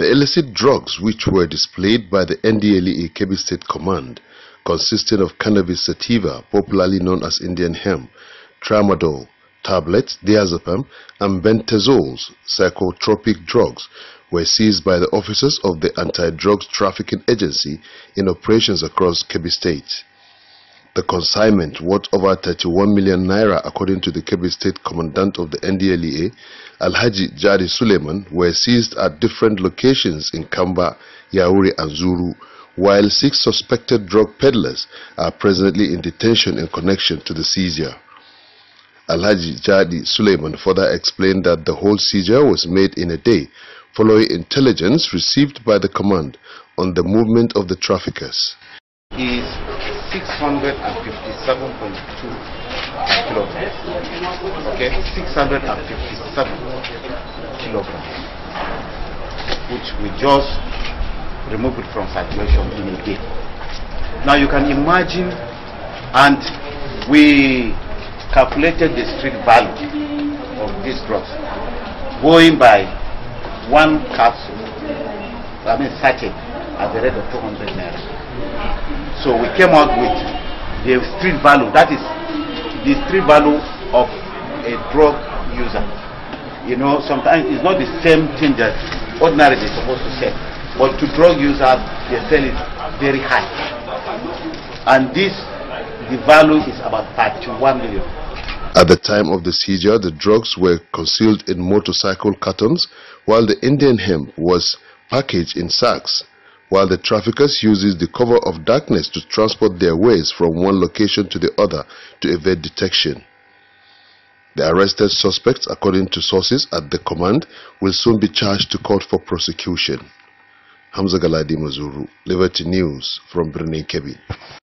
The illicit drugs which were displayed by the NDLEA Kebbi State Command consisted of cannabis sativa, popularly known as Indian hemp, tramadol, tablets, diazepam, and bentezols, psychotropic drugs, were seized by the officers of the Anti-Drugs Trafficking Agency in operations across Kebbi State. The consignment, worth over 31 million naira, according to the Kebbi State Commandant of the NDLEA, Alhaji Jari Suleiman, were seized at different locations in Kamba, Yauri, and Zuru, while six suspected drug peddlers are presently in detention in connection to the seizure. Alhaji Jadi Suleiman further explained that the whole seizure was made in a day following intelligence received by the command on the movement of the traffickers. He's 657.2 kilograms. Okay, 657 kilograms, which we just removed it from circulation in a day. Now you can imagine, and we calculated the street value of this drug going by one capsule, I mean sachet, at the rate of 200 naira. So we came out with the street value, that is the street value of a drug user. You know, sometimes it's not the same thing that ordinarily is supposed to sell. But to drug users, they sell it very high. And this, the value is about 31 million. At the time of the seizure, the drugs were concealed in motorcycle cartons, while the Indian hemp was packaged in sacks. while the traffickers uses the cover of darkness to transport their wares from one location to the other to evade detection. The arrested suspects, according to sources at the command, will soon be charged to court for prosecution. Hamza Galadi Mazuru, Liberty News from Brunei. Kebi.